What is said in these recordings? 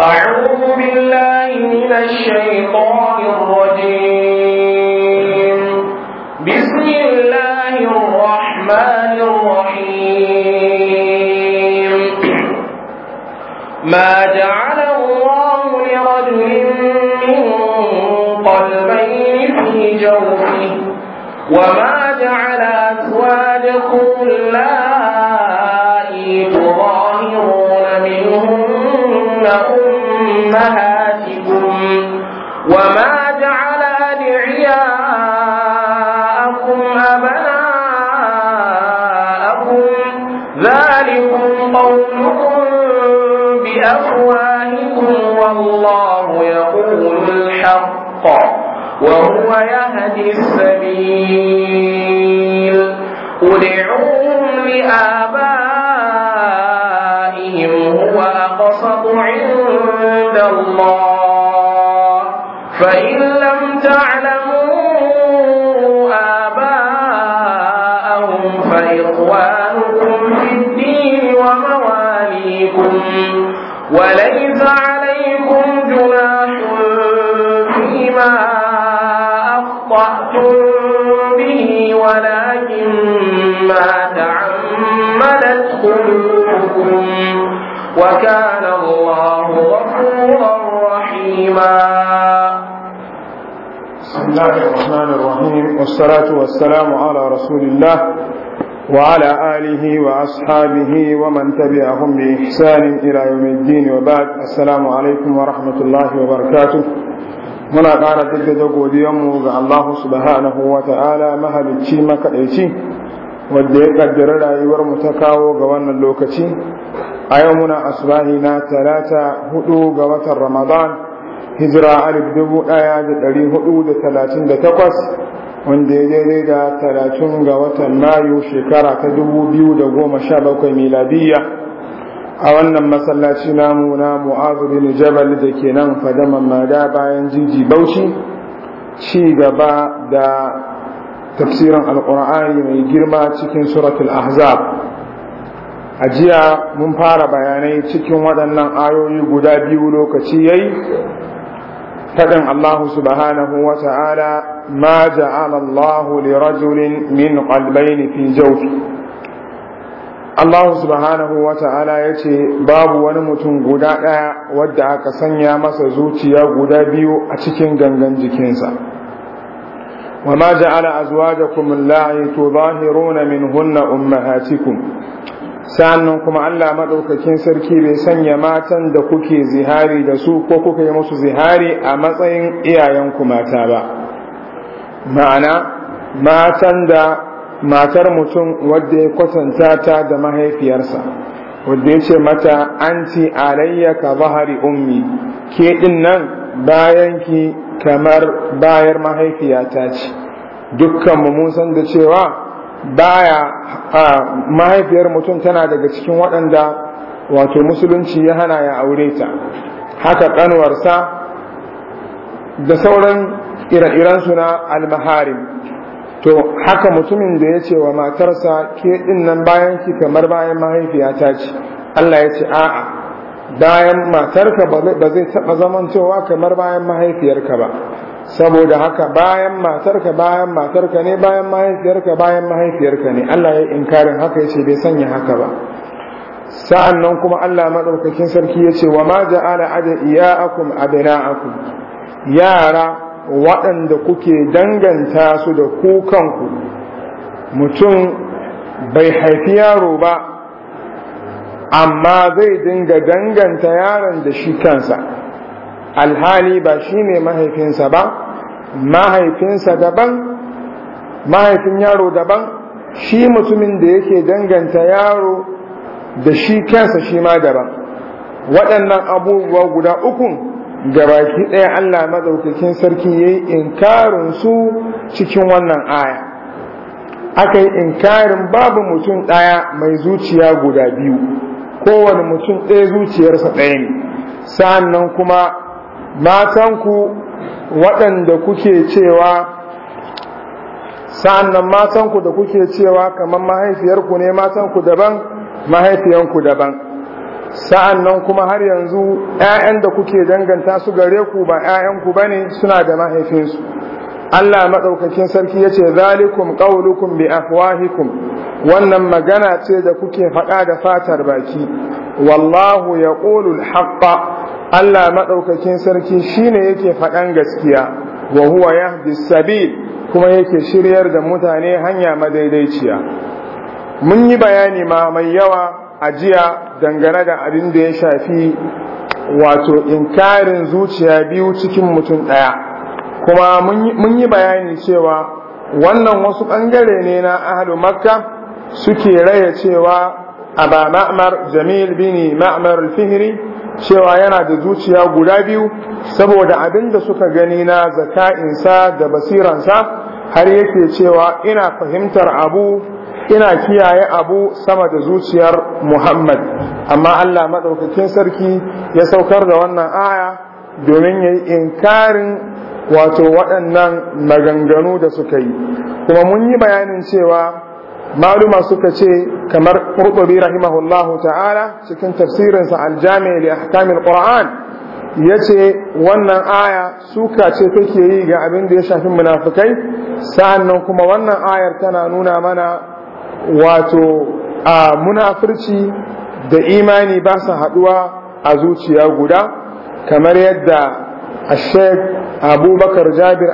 أعوذ بالله من الشيطان الرجيم بسم الله الرحمن الرحيم ما جعل الله لرجل من قلبين في جوفه وما أنفسكم وكان الله غفورا رحيما بسم الله الرحمن الرحيم والصلاة والسلام على رسول الله وعلى آله وأصحابه ومن تبعهم بإحسان إلى يوم الدين وبعد السلام عليكم ورحمة الله وبركاته muna ƙara jaddada godiyanmu ga Allah subhanahu wa ta'ala mahalicci makaɗaici Wanda ya kaddara rayuwar mu ta kawo ga wannan lokaci a yau muna asbahi na talata hudu ga watan ramadan hijira alif dubu daya da dari hudu da talatin da takwas wanda ya daidai da talatin ga watan mayu shekara ta dubu biyu da goma sha bakwai miladiyya a wannan masallaci namu na mu'azu bin jabal da ke nan fadaman mada bayan jiji bauchi ci gaba da tafsirin alkur'ani mai girma cikin suratul ahzab a jiya mun fara bayanai cikin waɗannan ayoyi guda biyu lokaci yayi faɗin Allahu subhanahu wa ta'ala ما جعل الله لرجل من قلبين في جوفه Allah subhanahu wa ta'ala ya ce, Babu wani mutum guda ɗaya wadda aka sanya masa zuciya guda biyu a cikin gangan jikinsa. وما جعل أزواجكم اللائي تظاهرون منهن أمهاتكم Sannan kuma Allah maɗaukakin sarki bai sanya matan da kuke zihari da su ko kuka yi musu zihari a matsayin iyayenku mata ba ma'ana matan da matar mutum wadda ya kwatanta ta da mahaifiyarsa wanda ya ce mata anti alayya ka zahari ummi ke din nan bayan ki kamar bayar mahaifiyata ce dukkan mu mun san da cewa baya mahaifiyar mutum tana daga cikin waɗanda wato musulunci ya hana ya aure ta haka ƙanwarsa da sauran ire-irensu na almaharin to haka mutumin da ya ce wa matarsa ke din nan bayan ki kamar bayan mahaifiyata ce Allah ya ce a'a bayan matarka ba zai taɓa zamantowa kamar bayan mahaifiyarka ba saboda haka bayan matarka bayan matarka ne bayan mahaifiyarka bayan mahaifiyarka ne Allah ya inkarin haka ya ce bai sanya haka ba sa'an nan kuma Allah maɗaukakin sarki ya ce wa ma ja'ala aja iya'akum abina'akum yara waɗanda kuke danganta su da kukanku mutum bai haifi yaro ba amma zai dinga danganta yaron da shi kansa alhali ba shi ne mahaifinsa ba mahaifinsa daban mahaifin yaro daban shi mutumin da yake danganta yaro da shi kansa shi ma daban waɗannan abubuwa guda ukun Ga baki ɗaya Allah madaukakin sarki ya yi inkarin su cikin wannan aya aka yi inkarin babu mutum ɗaya mai zuciya guda biyu kowane mutum ɗaya zuciyarsa ɗaya ne sa'annan kuma matanku waɗanda kuke cewa sa'annan matanku da kuke cewa kamar mahaifiyarku ne matanku daban mahaifiyanku daban sa'an nan kuma har yanzu ‘ya'yan da kuke danganta su gare ku ba ‘ya'yanku ba ne suna da mahaifinsu. Allah maɗaukakin sarki ya ce, Zalikum ƙaulukum bi afwahikum wannan magana ce da kuke faɗa da fatar baki, wallahu ya ƙolul haɓɓa, Allah maɗaukakin sarki shi ne yake faɗan gaskiya, wa huwa ya kuma yake shiryar da mutane hanya madaidaiciya. Mun yi bayani ma mai yawa ajiya dangane da abin da ya shafi wato inkarin zuciya biyu cikin mutum ɗaya kuma mun yi bayani cewa wannan wasu ɓangare ne na ahalu makka suke raya cewa aba ma'amar jamil bini ma'mar fihiri cewa yana da zuciya guda biyu saboda abin da suka gani na zaka'insa da basiransa har yake cewa ina fahimtar abu ina kiyaye abu sama da zuciyar Muhammad amma Allah madaukakin sarki ya saukar da wannan aya domin yayi inkarin wato waɗannan maganganu da suka yi kuma mun yi bayanin cewa maluma suka ce kamar Qurtubi rahimahullahu ta'ala cikin tafsirinsa al-Jami' li ahkamil Qur'an yace wannan aya suka ce take yi ga abin da ya shafi munafikai sa'annan kuma wannan ayar tana nuna mana wato a munafurci da imani ba su haɗuwa a zuciya guda kamar yadda a abubakar jabir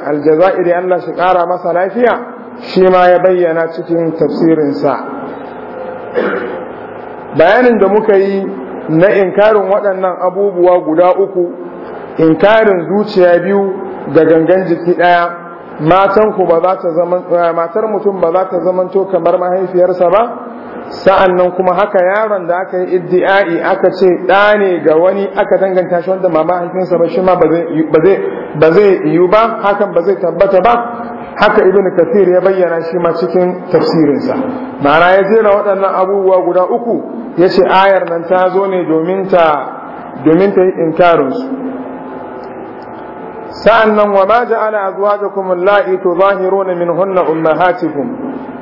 ya allah shi kara masa lafiya shi ma ya bayyana cikin tafsirinsa bayanin da muka yi na inkarin waɗannan abubuwa guda uku inkarin zuciya biyu da gangan jiki ɗaya matan ku ba za ta zama eh, matar mutum ba za ta to kamar mahaifiyarsa ba sa'an nan kuma haka yaron da aka yi iddi'ai aka ce ɗa ne ga wani aka danganta shi wanda mama haifinsa ba shi ma ba zai yiwu ba hakan ba zai tabbata ba haka ibn kathir ya bayyana shi ma cikin tafsirinsa ma'ana ya jera waɗannan abubuwa guda uku yace ayar nan ta zo ne domin ta domin ta yi inkarinsu Sa'annan wa ma ja'ala azwajakum allati tuzahiruna minhunna ummahatikum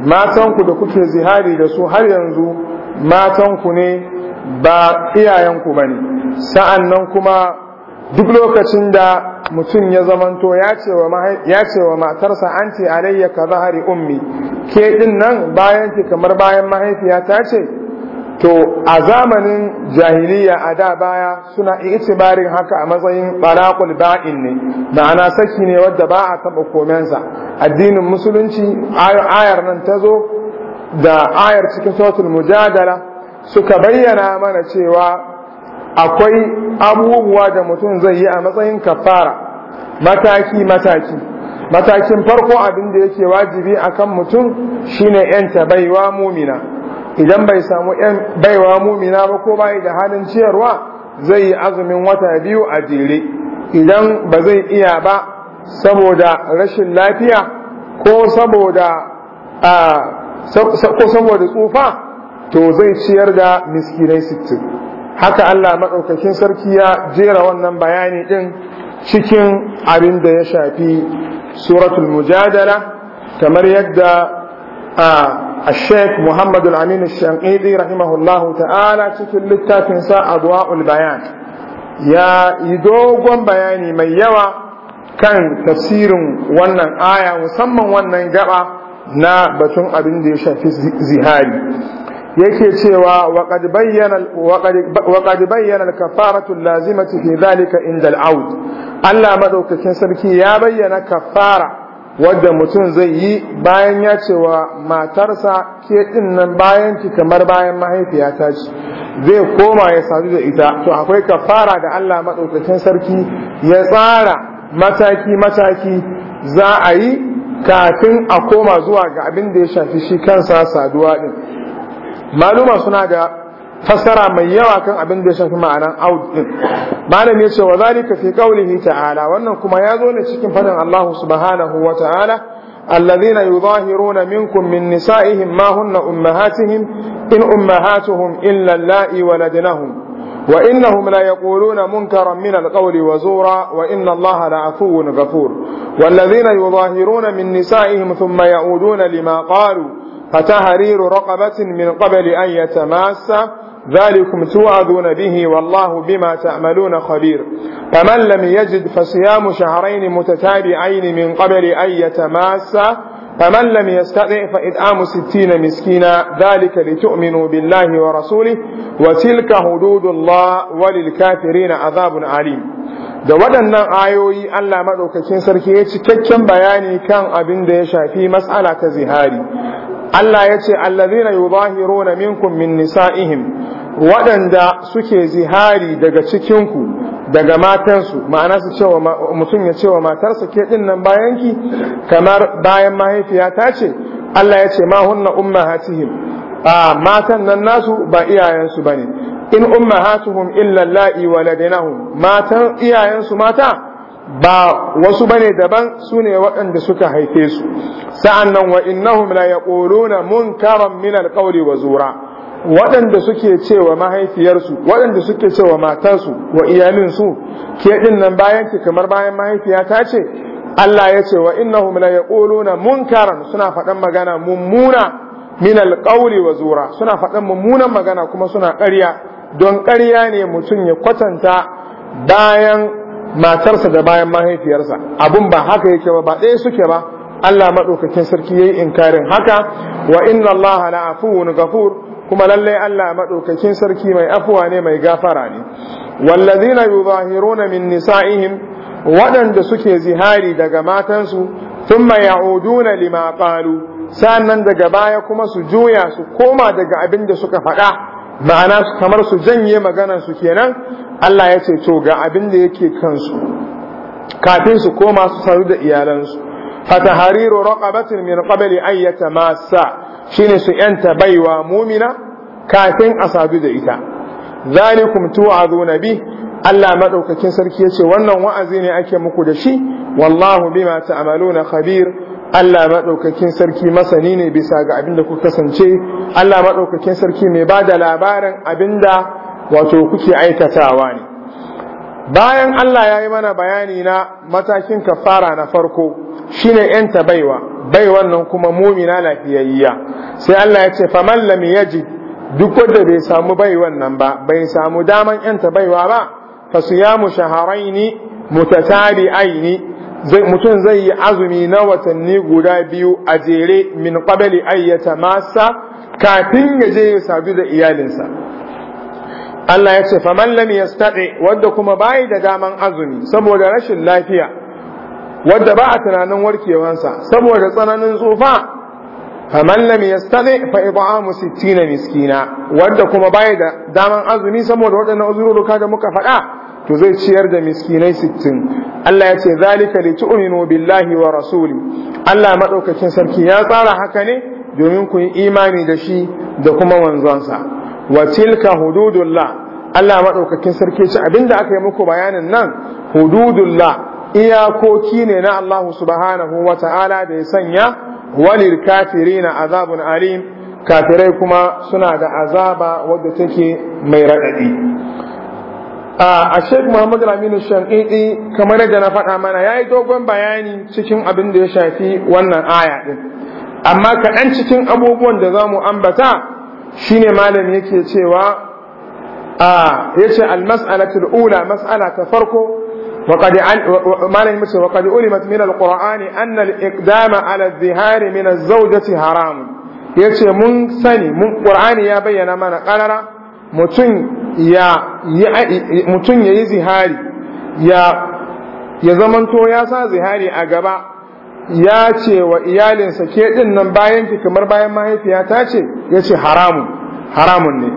matan ku da kuke zihari da su har yanzu matan ku ne ba iyayen ku bane sa'annan kuma duk lokacin da mutum ya zamanto ya ce wa matarsa an ce alayya ka zahari ummi ke din nan bayan ki kamar bayan mahaifiya ta ce to a zamanin jahiliya a da baya suna itibarin haka a matsayin barakul ba'in ne ma'ana saki ne wadda ba a taɓa komensa addinin musulunci ayar nan ta zo da ayar cikin sautul mujadala suka bayyana mana cewa akwai abubuwa da mutum zai yi a matsayin kafara mataki-mataki matakin farko abin da yake wajibi akan mutum shine 'yanta baiwa mumina idan bai samu ‘yan baiwa mumina ba ko bai da halin ciyarwa zai yi azumin wata biyu a jere idan ba zai iya ba saboda rashin lafiya ko saboda ko saboda tsufa to zai ciyar da miskinai sittin haka Allah maɗaukakin sarki ya jera wannan bayani ɗin cikin abin da ya shafi suratul mujadala kamar yadda a A محمد الأمين Aminu رحمه الله ta'ala cikin littafin littafinsa Adwa'ul Bayan ya yi dogon bayani mai yawa kan tafsirin wannan aya musamman wannan gaba na batun abin da ya shafi zihari yake cewa waqad bayyana waqad bayyana al-kafaratu al-lazimatu fi dhalika inda al-aud Allah madaukakin sarki ya bayyana kafara wadda mutum zai yi bayan ya wa matarsa ke nan bayan ki kamar bayan mahaifiyata ce zai koma ya sadu da ita to akwai kafara da Allah maɗaukacin sarki ya tsara mataki mataki za a yi kafin a koma zuwa ga abin da ya shafi shi kansa saduwa din maluma suna da fassara mai yawa kan abin da ya shafi ma'anan aud din malam yace wa zalika fi qawlihi ta'ala wannan kuma ya zo ne cikin fadin Allah subhanahu wa ta'ala alladhina yudahiruna minkum min nisa'ihim ma hunna ummahatihim in ummahatuhum illa allai waladnahum وإنهم لا يقولون منكرا من القول وزورا وإن الله لعفو غفور والذين يظاهرون من نسائهم ثم يعودون لما قالوا فتحرير رقبة من قبل أن يتماسا ذلكم توعدون به والله بما تعملون خبير فمن لم يجد فصيام شهرين متتابعين من قبل أن يتماسى فمن لم يستطع فإطعام ستين مسكينا ذلك لتؤمنوا بالله ورسوله وتلك حدود الله وللكافرين عذاب عليم da waɗannan ayoyi Allah maɗaukakin sarki ya cikakken bayani kan abin da ya shafi matsala ta zihari Allah ya ce allazina yudahiruna minkum min nisa'ihim waɗanda suke zihari daga cikinku daga matansu ma'ana su cewa mutum ya cewa matarsa ke ɗin nan bayanki kamar bayan mahaifiya ta ce Allah ya ce ma hunna ummahatihim a matan nan nasu ba iyayensu bane in ummahatuhum illa la'i waladinahum matan iyayensu mata ba wasu bane daban su ne waɗanda suka haife su sa'an nan wa innahum la yaquluna munkaran min alqawli wa zura waɗanda suke cewa mahaifiyarsu waɗanda suke cewa matarsu wa su ke din nan bayan ki kamar bayan mahaifiya ta ce Allah ya ce wa innahum la yaquluna munkaran suna faɗan magana mummuna min alqawli wa zura suna faɗan mummunan magana kuma suna ƙarya don ƙarya ne mutum ya kwatanta bayan matarsa da bayan mahaifiyarsa abun ba haka yake ba ba ɗaya suke ba Allah maɗaukakin sarki ya yi inkarin haka wa inna Allah afu afuwun gafur kuma lallai Allah maɗaukakin sarki mai afuwa ne mai gafara ne wallazina na min nisa'ihim waɗanda suke zihari daga matansu thumma na lima ƙalu sannan daga baya kuma su juya su koma daga abin da suka faɗa ma'ana kamar su janye maganar su kenan Allah ya ce to ga abin da yake kansu kafin su koma su saru da iyalansu fatahariru raqabatin min qabli an yatamassa shine su yanta baiwa mumina kafin a sadu da ita zalikum na bi Allah madaukakin sarki yace wannan wa'azi ne ake muku da shi wallahu bima ta'maluna khabir Allah maɗaukakin sarki masani ne bisa ga abin da kuka kasance, Allah maɗaukakin sarki mai ba da labarin abin da wato kuke aikatawa ne bayan Allah ya yi mana bayani na matakin kafara na farko shine yanta baiwa baiwan nan kuma mumina lafiyayya sai Allah ya ce faman ya yaji duk wadda bai samu baiwan nan ba bai samu daman yanta baiwa ba fa shaharai shahrayn mutatari aini. mutum zai yi azumi na watanni guda biyu a jere min kwabali ayyata masa kafin ya je ya sadu da iyalinsa Allah ya ce faman lam yastati wadda kuma bai da daman azumi saboda rashin lafiya wadda ba a tunanin warkewansa saboda tsananin tsufa faman lam yastati fa id'amu 60 miskina wadda kuma bai da daman azumi saboda waɗannan uzururuka da muka faɗa to zai ciyar da miskinai sittin. Allah ya ce zalika li tu'minu billahi wa rasuli Allah madaukakin sarki ya tsara haka ne domin ku yi imani da shi da kuma wanzonsa. wa tilka hududullah Allah madaukakin sarki ce abinda aka yi muku bayanin nan hududullah iyakoki ne na Allah subhanahu wa ta'ala da ya sanya walil kafirina azabun alim kafirai kuma suna da azaba wadda take mai raɗaɗi a sheikh muhammad aminu shan'idi kamar yadda na faɗa mana ya yi dogon bayani cikin abin da ya shafi wannan aya ɗin amma kaɗan cikin abubuwan da za mu ambata shine malam yake cewa a yace al ula mas'ala ta farko وقد malam yace وقد علمت من القرآن أن الإقدام على الظهار من الزوجة حرام yace mun sani mun Qur'ani ya bayyana mana karara mutum ya mutum yayi zihari ya ya zamanto ya sa zihari a gaba ya ce wa iyalinsa ke ɗin nan bayan ki kamar bayan mahaifiya ta ce ya ce haramun haramun ne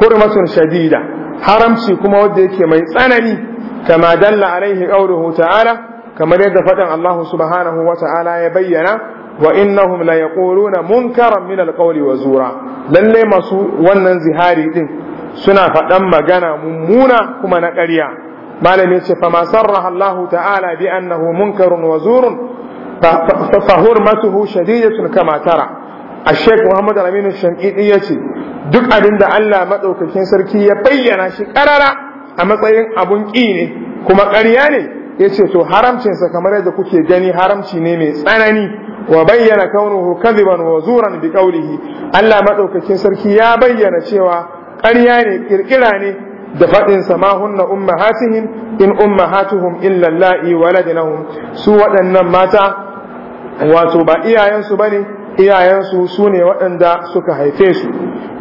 hurmatun shadida haramci kuma wanda yake mai tsanani kama dalla alaihi qawluhu ta'ala kamar yadda faɗin Allah subhanahu wa ta'ala ya bayyana wa innahum la yaquluna munkaran min alqawli wa zura lalle masu wannan zihari ɗin suna faɗan magana mummuna kuma na ƙarya malami ce fa ma sarraha Allah ta'ala bi annahu munkarun wa zurun fahurmatuhu shadidatun kama tara a sheik muhammad aminu shankidi ya ce duk abin da allah maɗaukakin sarki ya bayyana shi ƙarara a matsayin abun ƙi ne kuma ƙarya ne ya ce to haramcinsa kamar yadda kuke gani haramci ne mai tsanani wa bayyana kaunuhu kadiban wa zuran bi qawlihi allah maɗaukakin sarki ya bayyana cewa ƙarya ne ƙirƙira ne da faɗin sama hunna ummahatihim in ummahatuhum illa la'i waladnahum su waɗannan mata wato ba iyayensu bane iyayensu sune waɗanda suka haife su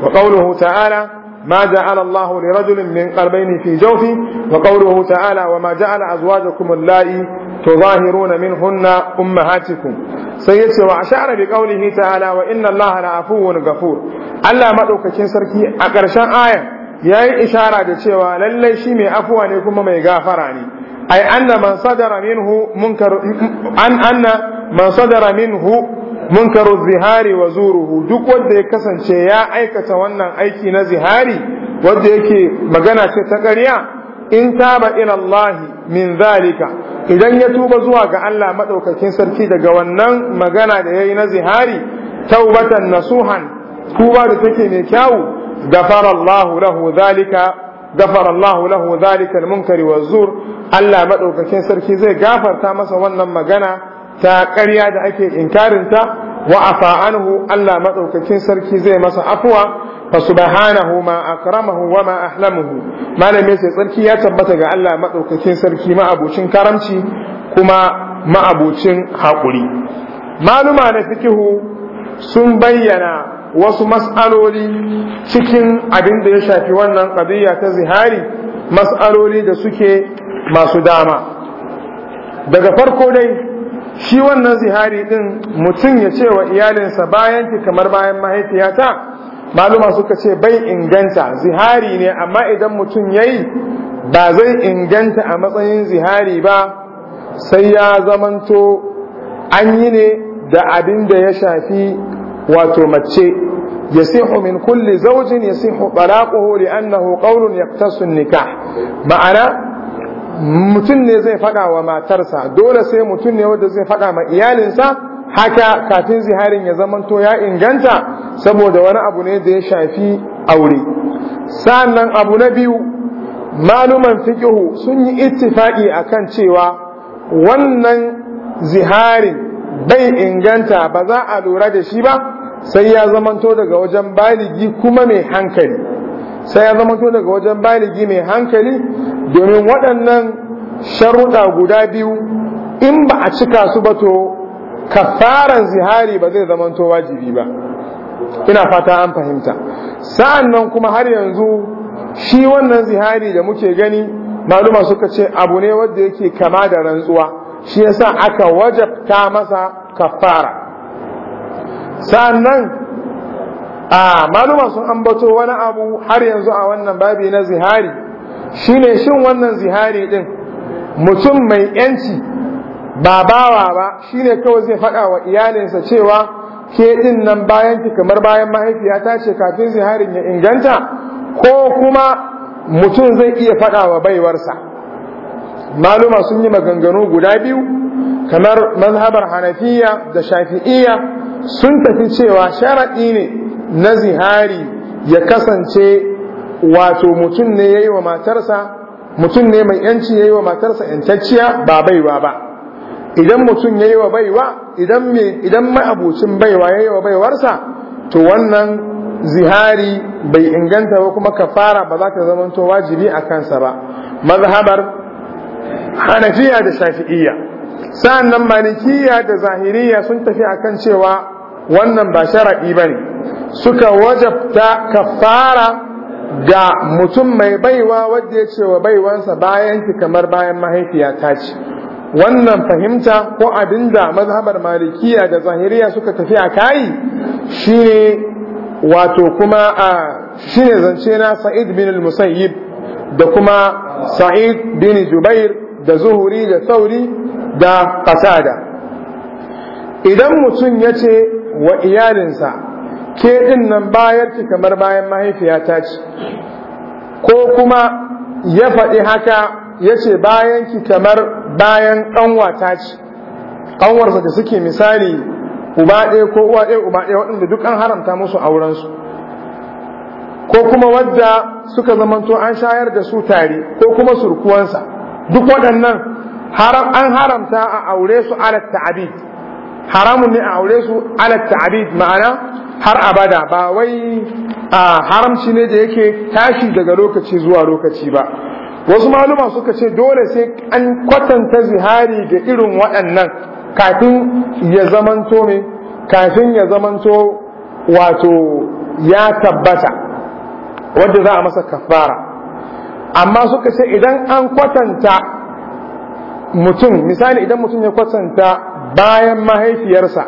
wa ta'ala ma ja'ala Allahu li rajulin min qalbayni fi jawfi wa qawluhu ta'ala wa ma ja'ala na allati tuzahiruna minhunna ummahatikum sai yace wa ashara bi qawlihi ta'ala wa inna Allaha la'afuwun ghafur Allah madaukakin sarki a ƙarshen ayan yayi ishara da cewa lallai shi mai afuwa ne kuma mai gafara ne ay anna man sadara minhu munkar an anna zihari wa zuruhu duk wanda ya kasance ya aikata wannan aiki na zihari wanda yake magana ce ta ƙarya in taba ila min zalika idan ya tuba zuwa ga Allah madaukakin sarki daga wannan magana da yayi na zihari taubatan nasuhan tuba da take mai kyau gafara lahu zalika غفر الله له ذلك المنكر والزور الله مدوكاكين سركي زي غفر تامسا ونن مغانا تا قريا دا اكي انكارنتا وعفى عنه الله مدوكاكين سركي زي مسا عفوا فسبحانه ما اكرمه وما احلمه ما لم يسي سركي يا تبتا ga Allah madaukakin sarki ma abocin karamci kuma ma abocin hakuri maluma na fikihu sun bayyana wasu mas'aloli cikin abin da ya shafi wannan kadiyya ta zihari mas'aloli da suke masu dama daga farko dai shi wannan zihari din mutum ya ce wa iyalinsa bayan ki kamar bayan mahaifiyata maluma suka ce bai inganta zihari ne amma idan mutum ya yi ba zai inganta a matsayin zihari ba sai ya zamanto an yi ne da abin da ya shafi wato mace yasihu min kulli zawjin yasihu talaquhu li'annahu qawlun yaqtasu nikah ma'ana mutum ne zai faɗa wa matarsa dole sai mutum ne wanda zai faɗa ma iyalinsa haka kafin ziharin ya zamanto ya inganta saboda wani abu ne da ya shafi aure sannan abu na biyu maluman fiƙihu sun yi ittifaƙi akan cewa wannan ziharin bai inganta ba za a lura da shi ba sai ya zamanto daga wajen baligi kuma mai hankali sai ya zamanto daga wajen baligi mai hankali domin waɗannan sharuɗa guda biyu in ba a cika su ba to kafaran zihari ba zai zamanto wajibi ba ina fata an fahimta sa'an nan kuma har yanzu shi wannan zihari da muke gani maluma suka ce abu ne wanda yake kama da rantsuwa shi yasa aka wajabta masa kafara sannan a maluma sun ambato wani abu har yanzu a wannan babi na zihari Shi ne shin wannan zihari din mutum mai yanci ba bawa ba shi ne kawai zai faɗa wa iyalinsa cewa ke din nan bayan ki kamar bayan mahaifiyata ce kafin ziharin ya inganta ko kuma mutum zai iya faɗa wa baiwarsa maluma sun yi maganganu guda biyu kamar mazhabar hanafiya da shafi'iyya sun tafi cewa sharaɗi ne na zihari ya kasance wato mutum ne ya yi wa matarsa mutum ne mai yanci ya yi wa matarsa yantacciya ba baiwa ba idan mutum ya yi wa baiwa idan ma'abucin baiwa ya yi wa baiwarsa to wannan zihari bai inganta ba kuma kafara ba za ta zamanto wajibi a kansa ba mazhabar hanafiya da shafi'iyya sa'annan malikiya da zahiriya sun tafi a kan cewa wannan ba sharaɗi ba ne suka wajabta kafara ga mutum mai baiwa wadda ya ce wa baiwansa bayan ki kamar bayan mahaifiya ta ce wannan fahimta ko abin da mazhabar malikiya da zahiriya suka tafi a kayi shine wato kuma a zance na sa'id bin musayyib da kuma sa'id bin jubair da zuhuri da sauri da fasada. idan mutum ya ce wa iyalinsa ke ɗin nan bayar ki kamar bayan mahaifiyata ce ko kuma ya faɗi haka ya ce bayan ki kamar bayan ƙanwata ce ƙanwarsa da suke misali uba ko uwa ɗaya waɗanda duk an haramta musu aurensu ko kuma wadda suka zamanto an shayar da su tare ko kuma surkuwansa duk waɗannan haram an haramta a aure su ala ta'abid haramun ne a aure su ala ta'abid ma'ana har abada ba wai a haramci ne da yake tashi daga lokaci zuwa lokaci ba wasu maluma suka ce dole sai an kwatanta zihari da irin waɗannan kafin ya zamanto ne kafin ya zamanto wato ya tabbata wadda za a masa kafara amma suka ce idan an kwatanta mutum misali idan mutum ya kwatanta bayan mahaifiyarsa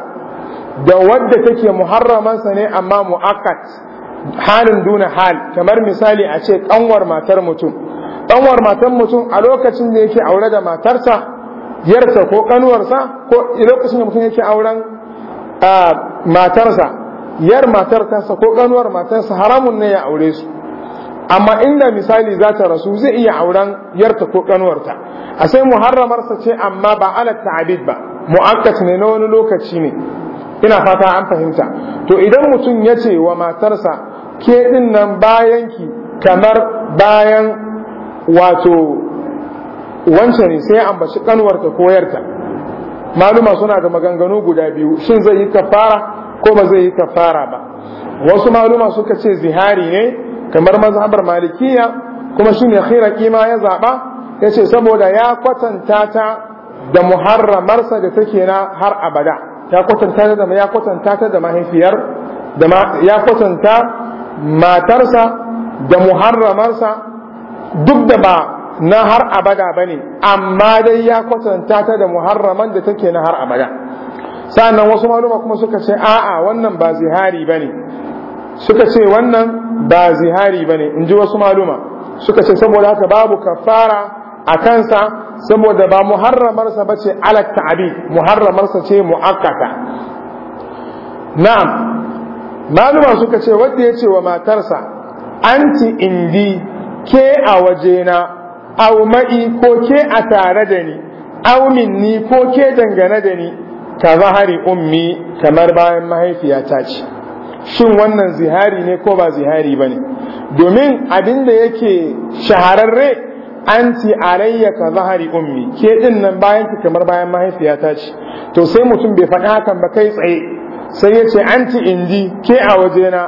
da wadda take muharramansa ne amma mu'akat halin duna hal kamar misali a ce ɗanwar matar mutum ɗanwar matar mutum a lokacin da yake aure da matarsa yarsa ko ƙanuwarsa ko lokacin da mutum yake auren ah, matarsa yar matarsa ko ƙanuwar matarsa haramun ne ya aure su amma inda misali za ta rasu zai iya auren yarta ko kanuwarta a sai muharramarsa ce amma ba ala ta'abid ba mu'akkas ne na wani lokaci ne ina fata an fahimta to idan mutum ya ce wa matarsa ke din nan ki kamar bayan wato wancan ne sai ambaci kanuwarta ko yarta maluma suna da maganganu guda biyu shin zai yi kafara ko ba zai yi kafara ba wasu maluma suka ce zihari ne kamar mazhabar malikiya kuma shine khiraki ƙima ya zaba yace saboda ya kwatanta ta da muharramarsa da take na har abada ya kwatanta ta da ya kwatanta ta da mahaifiyar da ya kwatanta matarsa da muharramarsa duk da ba na har abada bane amma dai ya kwatanta ta da muharraman da take na har abada sannan wasu maluma kuma suka ce a'a wannan ba zihari bane suka ce wannan ba zihari ba ne in ji wasu maluma suka ce saboda haka babu kafara a kansa saboda ba muharramarsa ba ce alakta abi muharramarsa ce mu'akata na'am maluma suka ce wanda ya ce wa matarsa anti indi ke a wajena au ma'i ko ke a tare da ni au minni ko ke dangane da ni ka zahari ummi kamar bayan mahaifiya ta ce shin wannan zihari ne ko ba zihari ba ne domin abin da yake shahararre an ci alayya ka zahari ummi ke din nan bayan ki kamar bayan mahaifiya ta ce to sai mutum bai faɗi hakan ba kai tsaye sai ya ce an ci indi ke a wajena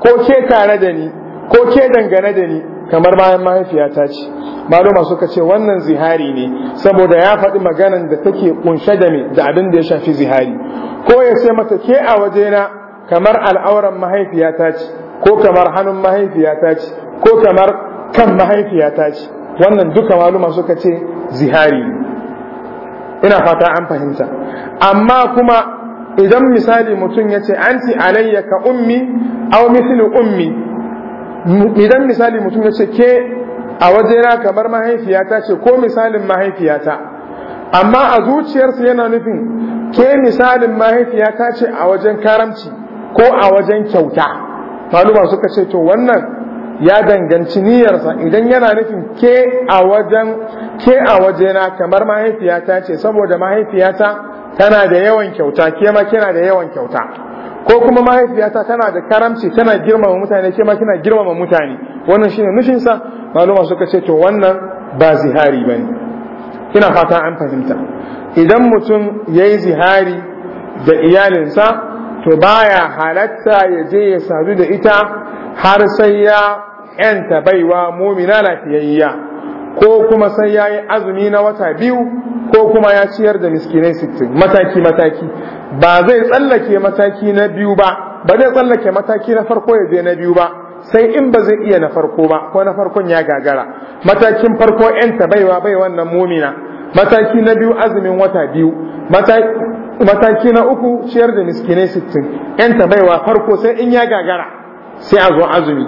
ko ke tare da ni ko ke dangane da ni kamar bayan mahaifiya ta ce maluma suka ce wannan zihari ne saboda ya faɗi maganan da take kunshe da me da abin da ya shafi zihari ko ya ce mata ke a wajena kamar al'auran mahaifiyata ce ko kamar hannun mahaifiyata ce ko kamar kan mahaifiyata ce wannan duka maluma suka ce zihari ina fata an fahimta amma kuma idan misali mutum ya ce anti alayya ka ummi aw mithlu ummi idan misali mutum ya ce ke a wajena kamar mahaifiyata ce ko misalin mahaifiyata amma a zuciyarsa yana nufin ke misalin mahaifiyata ce a wajen karamci ko a wajen kyauta maluma suka ce to wannan ya danganci niyyarsa idan yana nufin ke a wajen ke a wajena kamar mahaifiyata ce saboda mahaifiyata tana da yawan kyauta ke ma kina da yawan kyauta ko kuma mahaifiyata tana da karamci tana girmama mutane ke ma kina girmama mutane wannan shine nufinsa maluma suka ce to wannan ba zihari bane ina fata an fahimta idan mutum yayi zihari da iyalinsa to baya halatta ya je ya sadu da ita har sai ya ‘yanta baiwa mumina lafiyayya ko kuma sai ya yi azumi na wata biyu ko kuma ya ciyar da miskinai sittin mataki-mataki ba zai tsallake mataki na biyu ba ba zai tsallake mataki na farko ya je na biyu ba sai in ba zai iya na farko ba ko na farkon ya gagara matakin farko ‘yanta baiwa bai wannan mumina mataki na biyu azumin wata biyu mataki na uku ciyar da miskinai sittin yanta baiwa farko sai in ya gagara sai a zo azumi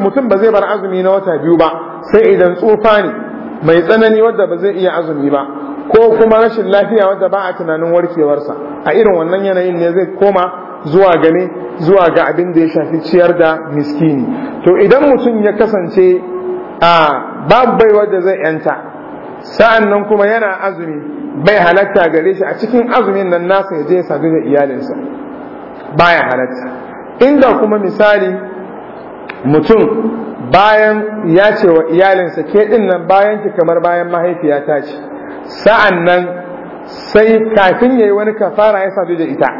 mutum ba zai bar azumi na wata biyu ba sai idan tsufa ne mai tsanani wadda ba zai iya azumi ba ko kuma rashin lafiya wadda ba a tunanin warkewarsa a irin wannan yanayin ne zai koma zuwa gane zuwa ga abin da ya shafi ciyar da miskini to idan mutum ya kasance a babu baiwa da zai yanta sa'an nan kuma yana azumi bai halatta gare shi a cikin azumin nan nasa ya je ya sadu da iyalinsa baya halatta inda kuma misali mutum bayan ya ce wa iyalinsa ke ɗinnan nan bayan ki kamar bayan mahaifiya ta ce sa'an nan sai kafin ya yi wani kafara ya sadu da ita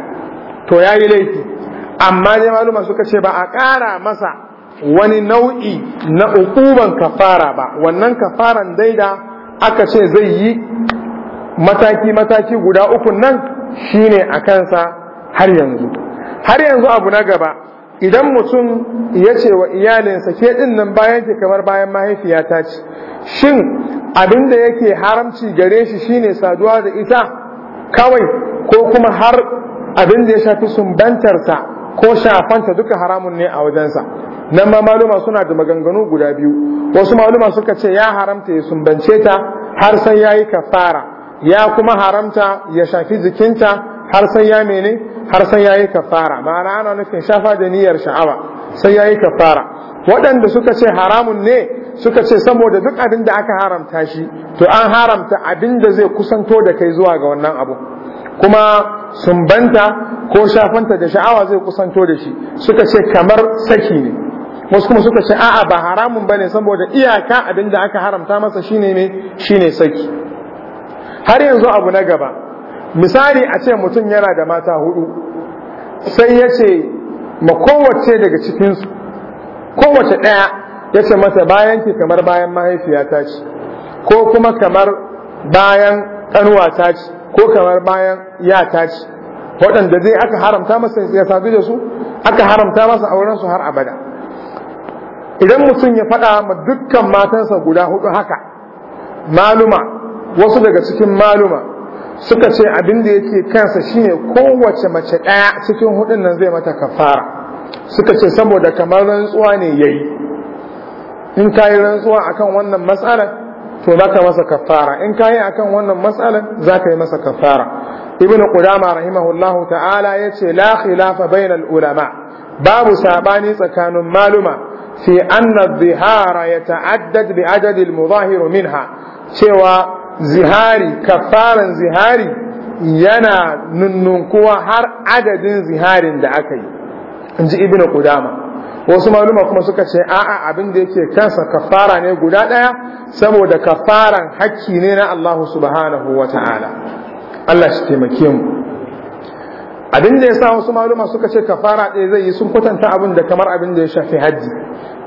to ya yi laifi amma ya maluma suka ce ba a ƙara masa wani nau'i na ukuban kafara ba wannan kafaran daida aka ce zai yi mataki-mataki guda ukun nan Shi ne a kansa har yanzu har yanzu abu na gaba idan mutum ya ce wa iyalinsa ke ɗin nan bayan ke kamar bayan mahaifiyata ce shin abin da yake haramci gare shi shi ne saduwa da ita kawai ko kuma har abin ya shafi sumbantarsa ko shafanta duka haramun ne a wajensa nan ma maluma suna da maganganu guda biyu wasu maluma suka ce ya haramta ya sumbance ta har sai yayi kafara ya kuma haramta ya shafi jikinta har sai ya mene har sai yayi kafara ma'ana ana nufin shafa da niyyar sha'awa sai ya yayi kafara waɗanda suka ce haramun ne suka ce saboda duk abin da aka haramta shi to an haramta abin da zai kusanto da kai zuwa ga wannan abu kuma sumbanta ko shafanta da sha'awa zai kusanto da shi suka ce kamar saki ne wasu kuma suka ce a'a ba haramun bane saboda iyaka abin da aka haramta masa shine ne shine saki har yanzu abu na gaba misali a ce mutum yana da mata hudu sai ya ce ma kowace daga cikinsu kowace ɗaya ya ce mata bayan ki kamar bayan mahaifiyata ce ko kuma kamar bayan ta ce ko kamar bayan yata ce waɗanda zai aka haramta masa ya sadu da su aka haramta masa auren su har abada idan mutum ya faɗa ma dukkan matansa guda hudu haka maluma wasu daga cikin maluma suka ce abin da yake kansa shine kowace mace ɗaya cikin hudun nan zai mata kafara suka ce saboda kamar rantsuwa ne ya yi. in kayi rantsuwa akan wannan matsalar to za ka masa kafara in kayi akan wannan matsalar za ka yi masa kafara ibn qudama rahimahullahu ta'ala yace la lafa bainal ulama babu sabani tsakanin maluma fi anna zihara ya ta'addad bi adadil muzahiru minha cewa zihari kafaran zihari yana nunnunkuwa har adadin ziharin da aka yi in ji ibn qudama wasu maluma kuma suka ce a'a abin da yake kansa kafara ne guda ɗaya saboda kafaran hakki ne na Allahu subhanahu wa Allah shi taimake mu abin da ya sa wasu maluma suka ce ka fara ɗaya zai yi sun kwatanta abin da kamar abin da ya shafi hajji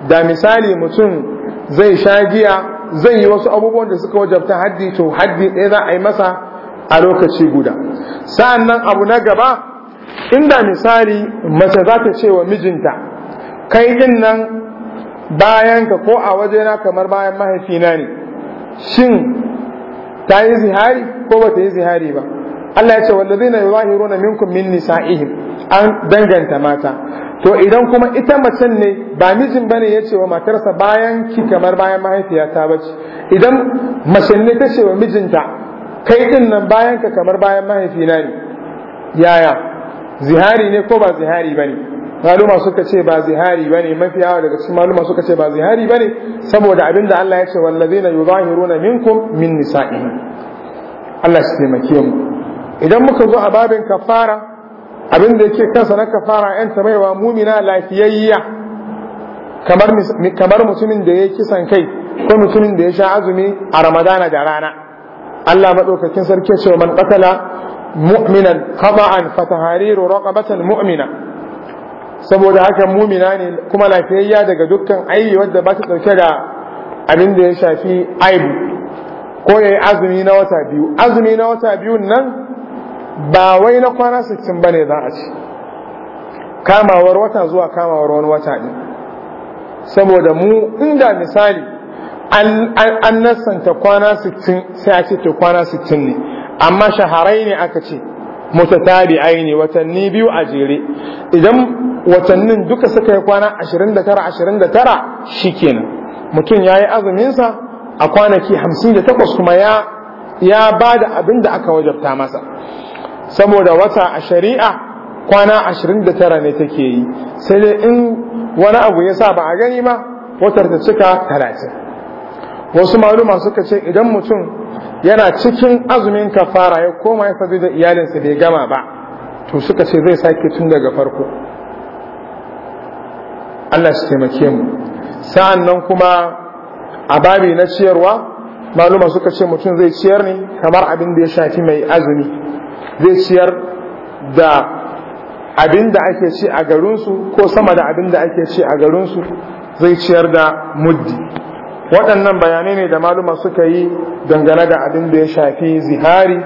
da misali mutum zai sha giya zai yi wasu abubuwan da suka wajabta haddi to haddi ɗaya za a yi masa a lokaci guda sa'an nan abu na gaba inda misali mace za ta ce wa mijinta kai din nan bayan ka ko a wajena kamar bayan mahaifina ne shin ta yi zihari ko ba ta yi zihari ba Allah ya ce wallazina yuzahiruna minkum min nisa'ihim an danganta mata to idan kuma ita mace ne ba mijin bane ya ce wa matarsa bayan ki kamar bayan mahaifiyata bace idan mace ne ta ce wa mijinta kai din nan bayan ka kamar bayan mahaifina ne yaya zihari ne ko ba zihari bane maluma suka ce ba zihari bane mafi yawa daga cikin maluma suka ce ba zihari bane saboda abinda Allah ya ce wallazina yuzahiruna minkum min nisa'ihim Allah shi taimake mu idan muka zo a babin kafara abin da yake kansa na kafara yan tamaiwa mumina lafiyayya kamar mutumin da ya kisan kai ko mutumin da ya sha azumi a ramadana da rana Allah maɗaukakin sarki cewa man ɓatala mu'minan kama'an fa tahriru mu'mina saboda haka mumina ne kuma lafiyayya daga dukkan aiyi wadda ba ta dauke da abin da ya shafi aibu ko ya yi azumi na wata biyu azumi na wata biyu nan ba wai na kwana sittin ba ne za a ci kamawar wata zuwa kamawar wani wata ne saboda mu inda misali an nasanta kwana sittin sai a ce to kwana sittin ne amma shaharai ne aka ce tabi aini watanni biyu a jere idan watannin duka suka yi kwana 29 29 kenan, mutum ya yi azuminsa a kwanaki 58 kuma ya ba da abin da aka wajabta masa saboda wata a shari'a kwana ashirin da tara ne take yi sai dai in wani abu ya sa ba a gani ma, watar ta cika talatin wasu maluma suka ce idan mutum yana cikin azumin kafara ya koma ya fazi da iyalinsa bai gama ba to suka ce zai sake tun daga farko Allah su taimake mu sa'an nan kuma a babi na ciyarwa maluma suka ce mutum zai ciyar ne kamar abin da ya shafi mai azumi zai ciyar da abin da ake ci a garinsu ko sama da abin da ake ci a garinsu zai ciyar da muddi waɗannan bayanai ne da maluma suka yi dangane da abin da ya shafi zihari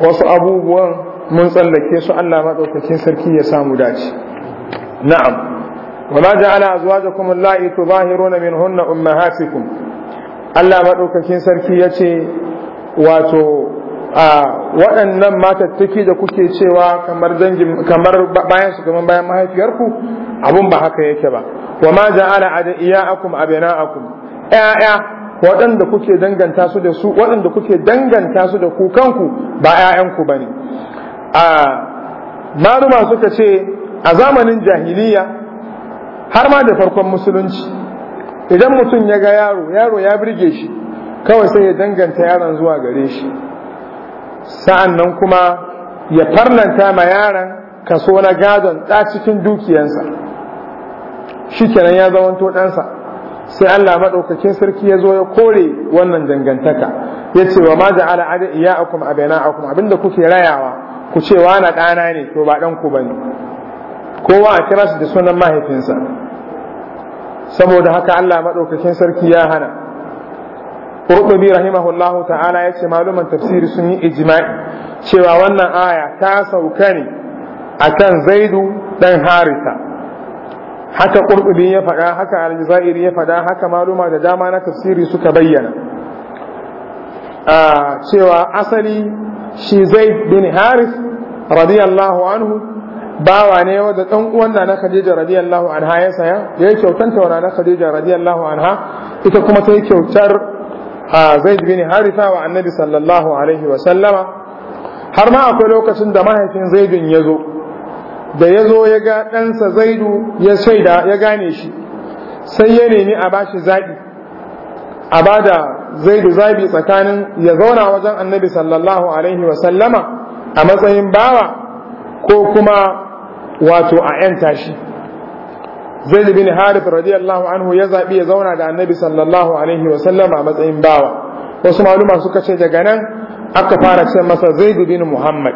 wasu abubuwan mun tsallake su Allah maɗaukakin sarki ya samu dace na'am wala ja'ala azwajakum اللائي تظاهرون minhunna ummahatikum Allah maɗaukakin sarki yace wato a waɗannan matattaki da kuke cewa kamar dangin kamar bayan su kamar bayan mahaifiyarku abun ba haka yake ba wa ma ja'ala adiyaakum abinaakum ya'ya waɗanda kuke danganta su da su waɗanda kuke danganta su da ku kanku ba yayanku bane a maluma suka ce a zamanin jahiliya har ma da farkon musulunci idan mutum ya ga yaro yaro ya birge shi kawai sai ya danganta yaron zuwa gare shi sa'an nan kuma ya farnanta ma yaran kaso na gadon ɗa cikin dukiyansa shi kenan ya zamanto ɗansa sai Allah maɗaukakin sarki ya zo ya kore wannan dangantaka ya ce wa ma ja'ala ada iyyakum abina'akum abinda kuke rayawa ku ce wa na ɗana ne to ba ɗan ku bane kowa a kira shi da sunan mahaifinsa saboda haka Allah maɗaukakin sarki ya hana Qurtubi rahimahullahu ta'ala yace maluman tafsiri sun yi ijma'i cewa wannan aya ta sauka ne akan Zaidu dan Harisa haka Qurtubi ya faɗa haka Al-Jazairi ya faɗa haka maluma da dama na tafsiri suka bayyana a cewa asali shi Zaid bin Haris radiyallahu anhu bawa ne wanda dan uwan na Khadija radiyallahu anha ya saya ya kyautanta wa na Khadija radiyallahu anha ita kuma ta kyautar zaid bin harisa wa annabi sallallahu alaihi wa sallama har ma akwai lokacin da mahaifin zaidun ya zo da ya zo ya ga ɗansa zaidu ya shaida ya gane shi sai ya nemi a bashi zaɓi a bada da zaidu zaɓi tsakanin ya zauna wajen annabi sallallahu alaihi wa sallama a matsayin bawa ko kuma wato a ‘yanta shi zaid bin harith radiyallahu anhu ya zaɓi ya zauna da annabi sallallahu alaihi wa sallama a matsayin bawa wasu maluma suka ce daga nan aka fara ce masa zaid bin muhammad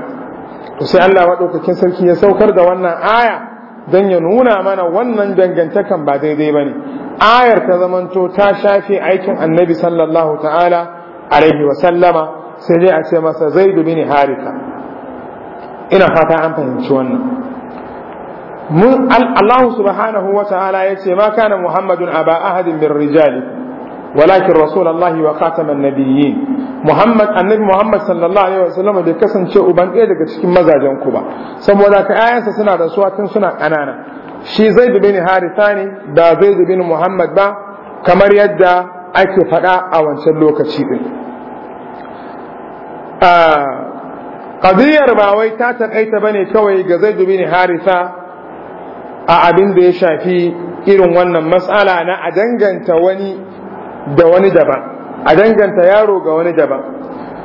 sai Allah madaukakin sarki ya saukar da wannan aya dan ya nuna mana wannan dangantakan ba daidai bane ayar ta zamanto ta shafe aikin annabi sallallahu ta'ala alaihi wa sallama sai dai a ce masa zaid bin harika ina fata an fahimci wannan mun Allah subhanahu wa ta'ala ce ma kana muhammadun aba ahadin min rijalikum ولكن رسول wa khataman nabiyyin muhammad annabi muhammad sallallahu alaihi wa sallam bai kasance uban ɗaya daga cikin mazajen ku ba saboda ka ayansa suna da suwa tun suna ƙanana shi Zaid bin Haritha ne da Zaid bin Muhammad ba kamar yadda ake faɗa a wancan lokaci din a ah, ba wai ta takaita bane kawai ga Zaid bin Haritha a abin da ya shafi irin wannan matsala na a danganta wani da wani daban a danganta yaro ga wani daban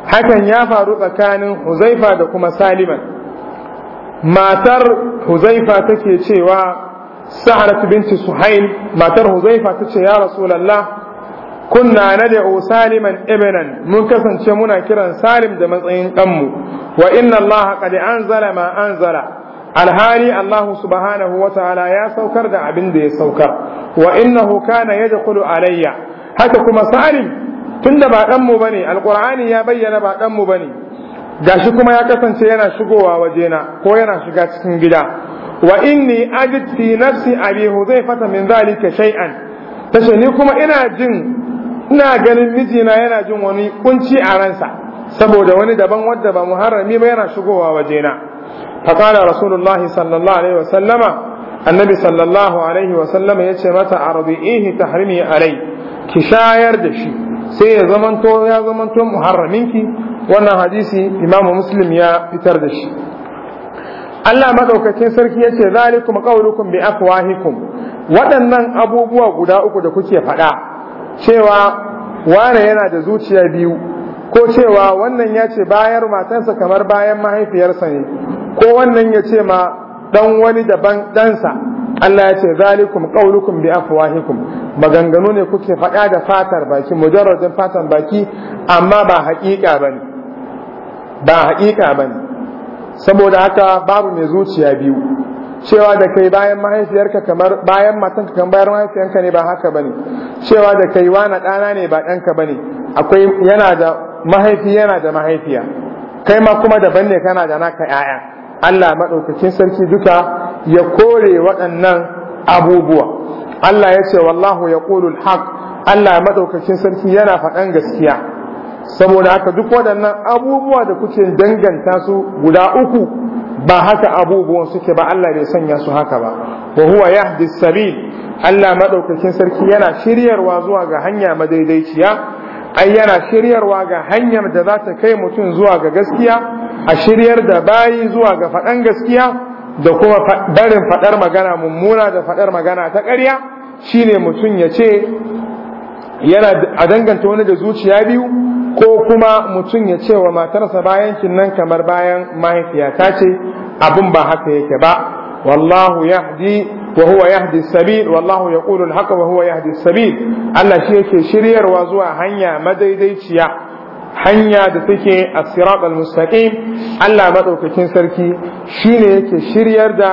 hakan ya faru tsakanin huzaifa da kuma saliman matar huzaifa take cewa sa'arat binti suhail matar huzaifa tace ya rasulallah kunna da saliman ibnan mun kasance muna kiran salim da matsayin kanmu wa inna allaha qad anzala ma anzala alhali Allah subhanahu wa ta'ala ya saukar da abin da ya saukar wa innahu kana yadkhulu alayya haka kuma sani tunda ba dan mu bane alqur'ani ya bayyana ba dan mu bane gashi kuma ya kasance yana shigowa wajena ko yana shiga cikin gida wa inni ajid fi nafsi abi hudhayfata min zalika shay'an tace ni kuma ina jin ina ganin mijina yana jin wani kunci a ransa saboda wani daban wanda ba muharrami ba yana shigowa wajena فقال رسول الله صلى الله عليه وسلم النبي صلى الله عليه وسلم يتشي متى أرضئيه تحرمي علي كشاير دشي سي زمنتو يا زمنتو wannan وانا حديثي إمام مسلم يا da shi. Allah madaukakin sarki ya ce zalikum qaulukum bi afwahikum waɗannan abubuwa guda uku da kuke faɗa cewa wane yana da zuciya biyu ko cewa wannan ya ce bayar matansa kamar bayan mahaifiyarsa ne ko wannan ya ce ma dan wani daban ɗansa Allah ya ce zalikum qaulukum bi afwahikum maganganu ne kuke faɗa da fatar baki mujarradin fatan baki amma ba haƙiƙa bane ba haƙiƙa bane saboda haka babu mai zuciya biyu cewa da kai bayan mahaifiyarka kamar bayan matanka kan bayar mahaifiyanka ne ba haka bane cewa da kai wani ɗana ne ba ɗanka bane akwai yana da mahaifi yana da mahaifiya kai ma kuma daban ne kana da naka ƴaƴa. Allah maɗaukakin sarki duka ya kore waɗannan abubuwa Allah ya ce wallahu ya ƙulul haq Allah maɗaukakin sarki yana faɗan gaskiya saboda haka duk waɗannan abubuwa da kuke danganta su guda uku ba haka abubuwan suke ba Allah bai sanya su haka ba wa huwa yahdi sabil Allah maɗaukakin sarki yana shiryarwa zuwa ga hanya madaidaiciya ai yana shiryarwa ga hanyar da za ta kai mutum zuwa ga gaskiya a shiryar da bayi zuwa ga faɗan gaskiya da kuma barin faɗar magana mummuna da faɗar magana ta ƙarya shi ne mutum ya ce yana a danganta wani da zuciya biyu ko kuma mutum ya ce wa matarsa bayan kin nan kamar bayan mahaifiyata ce abin ba haka yake ba wallahu yahdi wa huwa yahdi sabil wallahu yaqulu al-haqqa wa huwa yahdi sabil Allah shi yake shiryarwa zuwa hanya madaidaiciya hanya da take a sirat al-mustaqim Allah madaukakin sarki shine yake shiryar da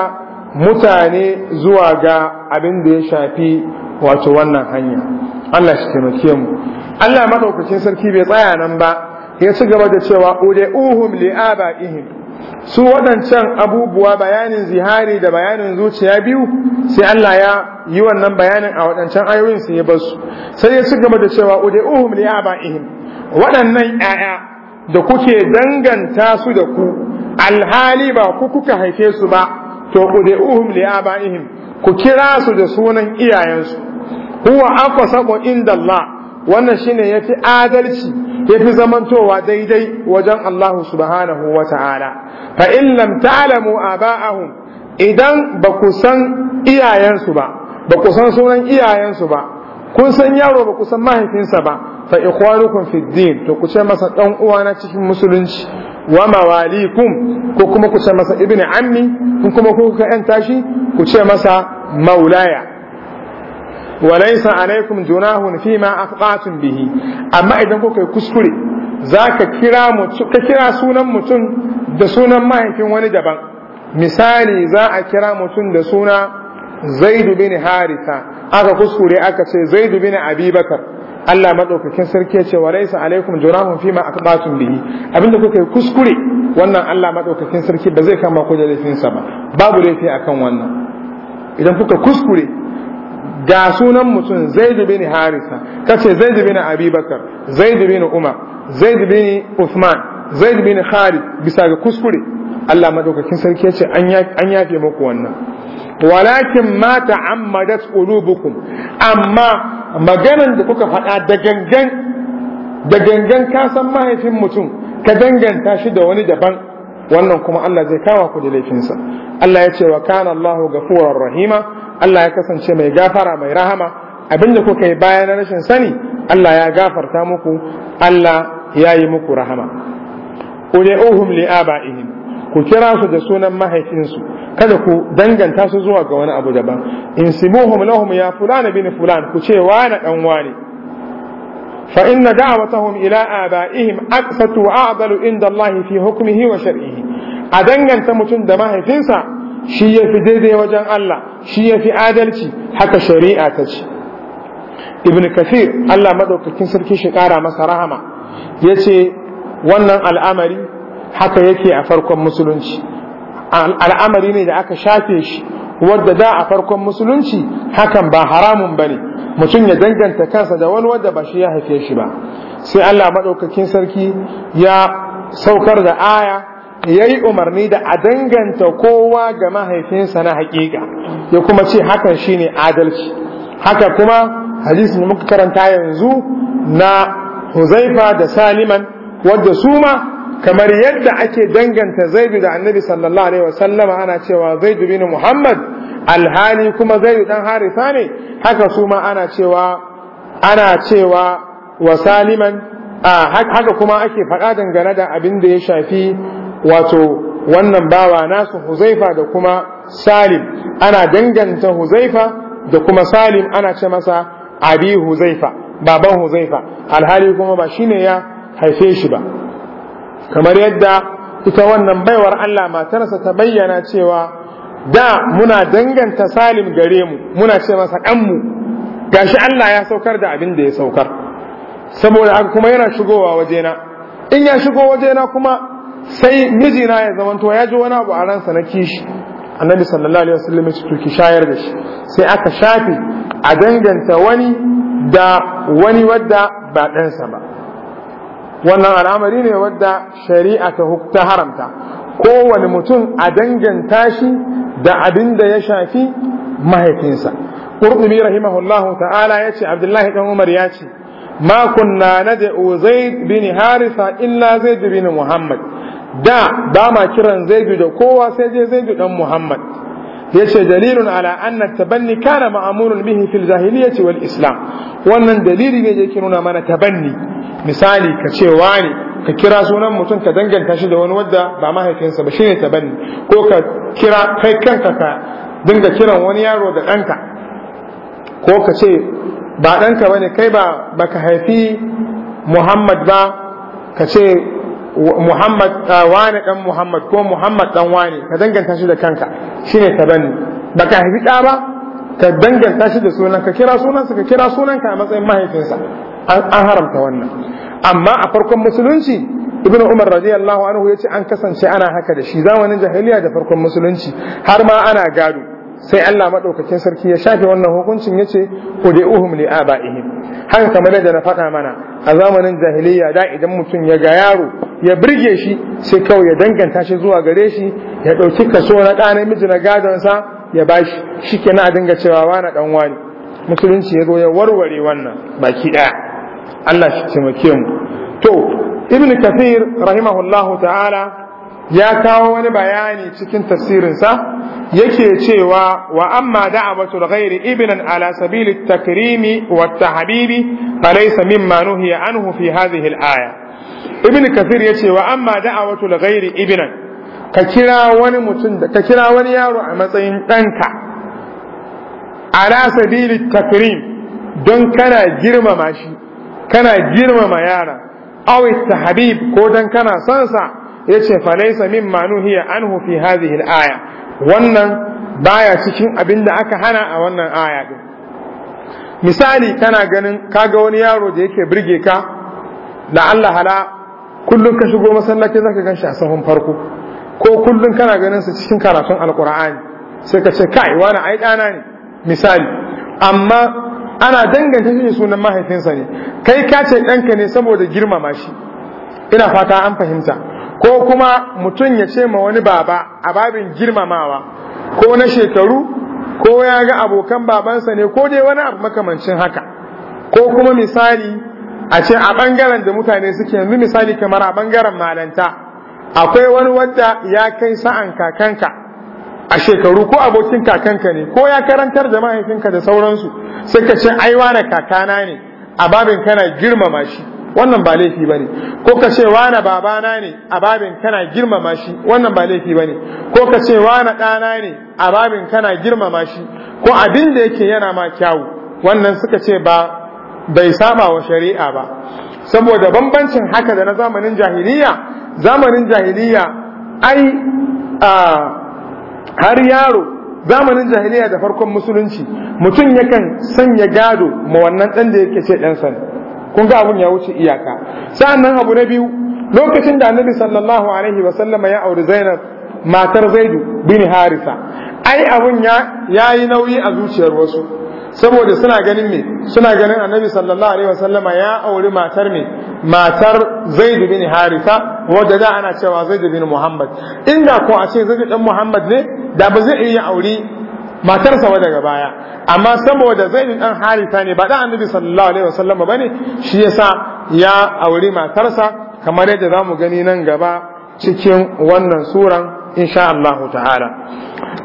mutane zuwa ga abin da ya shafi wato wannan hanya Allah shi taimake mu Allah madaukakin sarki bai tsaya nan ba ya ci gaba da cewa ud'uhum li aba'ihim su waɗancan abubuwa bayanin zihari da bayanin zuciya biyu sai Allah ya yi wannan bayanin a waɗancan ayoyin ya ya su sai ya ci gaba da cewa ud'uhum li aba'ihim waɗannan 'ya'ya da kuke danganta su da ku alhali ba ku kuka haife su ba to ud'uhum li aba'ihim ku kira su da sunan iyayensu huwa aqsaqu inda Allah wannan shine yafi adalci Yafi fi zamantowa daidai wajen Allah subhanahu wa ta'ala fa in lam ta'lamu aba'ahum idan ba ku san iyayensu ba ba ku san sunan iyayensu ba kun san yaro ba ku san mahaifinsa ba fa ikhwanukum fi din to ku ce masa uwa na cikin musulunci wa mawalikum ko kuma ku ce masa ibni ammi Ko kuma ku ka yanta shi ku ce masa maulaya Walaisa alaikum junahun fi ma bihi amma idan kuka kuskure zaka kira mu ka kira sunan mutum da sunan mahaifin wani daban misali za a kira mutum da suna zaidu bin harisa aka kuskure aka ce zaidu bin abubakar Allah madaukakin sarki ya ce wa laisa alaikum junahun fi ma aqbatun bihi abinda kuka yi kuskure wannan Allah madaukakin sarki ba zai kama ku da laifin ba babu laifi akan wannan idan kuka kuskure ga sunan mutum zai zaidu ni harisa kace zaidu Abibakar, abubakar zaidu ni umar zai zaidu Uthman, usman zaidu ni khalid bisa ga kuskure Allah madaukakin sarki ya ce an yafe muku wannan walakin ma ta'ammadat qulubukum amma maganan da kuka faɗa da gangan da ka san mahaifin mutum ka danganta shi da wani daban wannan kuma Allah zai kawo ku da laifinsa Allah ya ce wa kana Allahu ghafurur rahima Allah ya kasance mai gafara mai rahama abinda kuka yi baya na rashin sani Allah ya gafarta muku Allah ya yi muku rahama ud'uhum li aba'ihim ku kira su da sunan mahaifinsu kada ku danganta su zuwa ga wani abu daban in simuhum lahum ya fulan bin fulan ku ce na dan wani fa inna da'watahum ila aba'ihim aqsatu a'dalu inda Allah fi hukmihi wa shar'ihi a danganta mutum da mahaifinsa shi ya fi daidai wajen Allah shi ya fi adalci haka shari'a ta ce ibn kafir Allah maɗaukakin sarki shi ƙara masa rahama ya ce wannan al'amari haka yake a farkon musulunci al'amari ne da aka shafe shi wadda da a farkon musulunci hakan ba haramun ba ne mutum ya danganta kansa da wani wadda ba shi ya haife shi ba sai Allah maɗaukakin sarki ya saukar da aya ya yi umarni da a danganta kowa ga mahaifinsa na hakika ya kuma ce hakan shine adalci haka kuma ne muka karanta yanzu na huzaifa da saliman wadda su ma kamar yadda ake danganta zaidu da annabi sallallahu alaihi wasallama ana cewa zaidu bin muhammad alhali kuma zaidu dan Harisa ne haka su ma ana cewa ana cewa wa saliman haka kuma ake faɗa dangane da abin da ya shafi wato wannan bawa nasu huzaifa da kuma salim ana danganta huzaifa da kuma salim ana ce masa abi huzaifa baban huzaifa alhali kuma ba shine ya haife shi ba kamar yadda ita wannan baiwar Allah matarsa ta bayyana cewa da muna danganta salim gare mu muna ce masa ɗanmu gashi Allah ya saukar da abin da ya saukar saboda haka kuma yana shigowa wajena in ya shigo wajena kuma sai mijina ya zamanto ya ji wani abu a ransa na kishi annabi sallallahu alaihi wasallam ya ce ki shayar da shi sai aka shafe a danganta wani da wani wadda ba ɗansa ba wannan al'amari ne wadda shari'a ta haramta kowane mutum a danganta shi da abin da ya shafi mahaifinsa qurtubi rahimahullahu ta'ala yace abdullahi dan umar yace ma kunna nad'u zaid bin Harisa illa zaid bin muhammad da ba ma kiran zaidu da kowa sai je zaidu dan muhammad ya ce dalilun ala anna tabanni kana ma'amurun bihi fil jahiliyyati wal islam wannan dalili ne yake nuna mana tabanni misali ka ce wani ka kira sunan mutum ka danganta shi da wani wadda ba mahaifinsa ba shine tabanni ko ka kira kai kanka ka dinga kiran wani yaro da ɗanka ko ka ce ba ɗanka bane kai ba baka haifi muhammad ba ka ce Muhammad uh, wane dan Muhammad ko Muhammad dan wane ka danganta shi da kanka shine tabanni baka haifi da ba ka danganta shi da sunan ka kira sunansa ka kira sunanka a matsayin mahaifinsa an haramta wannan amma a farkon musulunci ibnu umar radiyallahu anhu yace an kasance ana haka da shi zamanin jahiliya da farkon musulunci har ma ana gado sai Allah madaukakin sarki ya shafe wannan hukuncin yace ud'uhum li abaihim haka kamar yadda na faɗa mana a zamanin jahiliya da idan mutum ya ga yaro ya birge shi sai kawai ya danganta shi zuwa gare shi ya ɗauki kaso na ɗa namiji na gadonsa ya bashi shi ke na dinga cewa wani ɗan wani musulunci ya zo ya warware wannan baki ɗaya Allah shi taimake mu to ibn kafir rahimahullahu ta'ala ya kawo wani bayani cikin tasirinsa yake cewa wa amma da'awatul ghairi ibnan ala sabili takrimi wa tahbibi falaysa mimma nuhiya anhu fi hadhihi al-aya ibn kathir yace wa amma da'awatul ghairi ibnan ka kira wani mutum ka kira wani yaro a matsayin danka ala sabili takrim don kana girmama shi kana girmama yara aw tahbib ko dan kana son sa yace fa laysa min manuhiya anhu fi hadhihi al-aya wannan baya cikin abin da aka hana a wannan aya din misali kana ganin kaga wani yaro da yake birge ka la Allah hala kullun ka shigo masallaci zaka ganshi a sahun farko ko kullun kana ganin sa cikin karatun alqur'ani sai ka ce kai wani ai dana ne misali amma ana danganta shi sunan mahaifinsa ne kai ka ce ɗanka ne saboda girmama shi ina fata an fahimta ko kuma mutum ya ce ma wani baba a babin girmamawa ko na shekaru ko ya ga abokan babansa ne ko dai wani abu makamancin haka ko kuma misali a ce a bangaren da mutane suke yanzu misali kamar a bangaren malanta akwai wani wadda ya kai sa'an kakanka a shekaru ko abokin kakanka ne ko ya karantar da mahaifinka da sauransu sai ce aiwa na kakana ne a babin kana girmama shi wannan ba laifi bane ko ka ce wani babana ne a babin kana girmama shi wannan ba laifi bane ko ka ce wani ɗana ne a babin kana girmama shi ko abin da yake yana ma kyawu wannan suka ce ba bai saba wa shari'a ba saboda bambancin haka da na zamanin jahiliya zamanin jahiliya ai har yaro zamanin jahiliya da farkon musulunci mutum yakan sanya gado ma wannan ɗan da yake ce ɗansa kun ga abun ya wuce iyaka sa'annan abu na biyu lokacin da annabi sallallahu alaihi wa sallama ya auri zainab matar zaidu bin harisa ai abun ya yayi nauyi a zuciyar wasu saboda suna ganin me suna ganin annabi sallallahu alaihi wa sallama ya auri matar me matar zaidu bin harisa wadda da ana cewa zaidu bin muhammad inda ko a ce zaidu dan muhammad ne da ba zai iya auri matarsa wa daga baya amma saboda zaidin dan harita ne ba dan annabi sallallahu alaihi wasallam bane shi yasa ya auri matarsa kamar yadda zamu gani nan gaba cikin wannan suran insha Allah ta'ala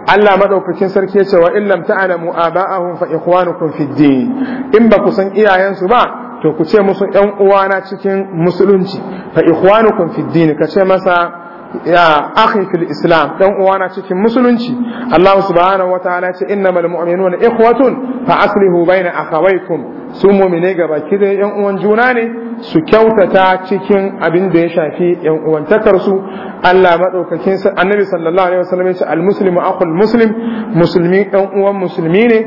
Allah madaukakin sarki ya ce wa illam ta'lamu aba'ahum fa ikhwanukum fi din in ba ku san iyayensu ba to ku ce musu ƴan uwana cikin musulunci fa ikhwanukum fi din ka ce masa ya akhi fil islam uwa na cikin musulunci Allah subhanahu wataala ce innamal mu'minuna ikhwatun fa aslihu baina akhawaykum su mu'mine gaba kidan yan uwan juna ne su kyautata cikin abin da ya shafi yan uwantakar su Allah madaukakin sa annabi sallallahu alaihi wasallam ya ce al muslimu akhul muslim musulmi dan uwan musulmi ne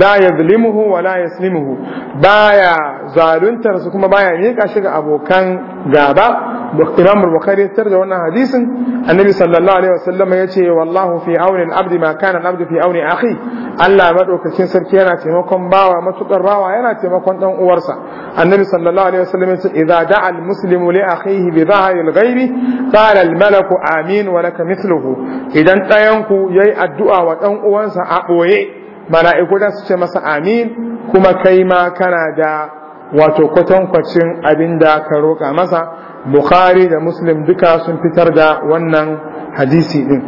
la yazlimuhu wa la yaslimuhu baya zaluntar su kuma baya mika shi ga abokan gaba Imam Bukhari ya tarda wannan hadisin annabi sallallahu alaihi wasallam ya ce wallahu fi auni al-abdi ma kana al-abdu fi auni akhi Allah madaukakin sarki yana taimakon bawa matukar bawa yana taimakon dan uwarsa annabi sallallahu alaihi wasallam ya إذا دعا المسلم لأخيه بظهر الغيب قال الملك آمين ولك مثله إذا تينكو يي الدعاء وتنقوانسا أقوي ملائكو تسجى مسا آمين كما كيما كان دا وتقتن قتن أبن دا كروكا مسا بخاري دا مسلم دكا سنفتر دا ونن حديثي دي.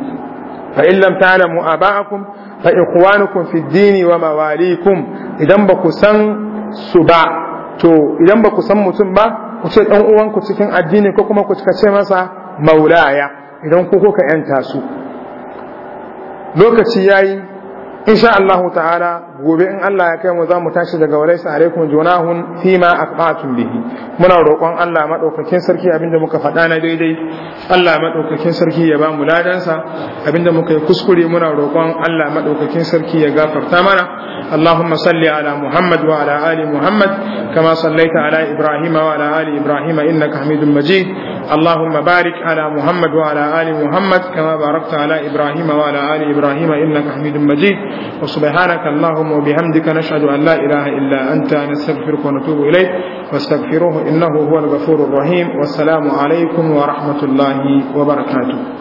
فإن لم تعلموا آباءكم فإخوانكم في الدين ومواليكم إذا بكسن سبع to idan ba ku san mutum ba ku ce dan uwanku cikin addini ko kuma ku ce masa maulaya idan ku kuka yanta su lokaci yayi insha Allah ta'ala gobe in Allah ya kai mu za mu tashi daga walaisa alaikum junahun fima aqatum bihi muna roƙon Allah madaukakin sarki abinda muka faɗa na daidai Allah madaukakin sarki ya ba mu ladansa abinda muka yi kuskure muna roƙon Allah madaukakin sarki ya gafarta mana Allahumma salli ala Muhammad wa ala ali Muhammad kama sallaita ala Ibrahim wa ala ali Ibrahim innaka Hamidum Majid Allahumma barik ala Muhammad wa ala ali Muhammad kama barakta ala Ibrahim wa ala ali Ibrahim innaka اللهم وبحمدك نشهد أن لا إله إلا أنت نستغفرك ونتوب إليك واستغفروه إنه هو الغفور الرحيم والسلام عليكم ورحمة الله وبركاته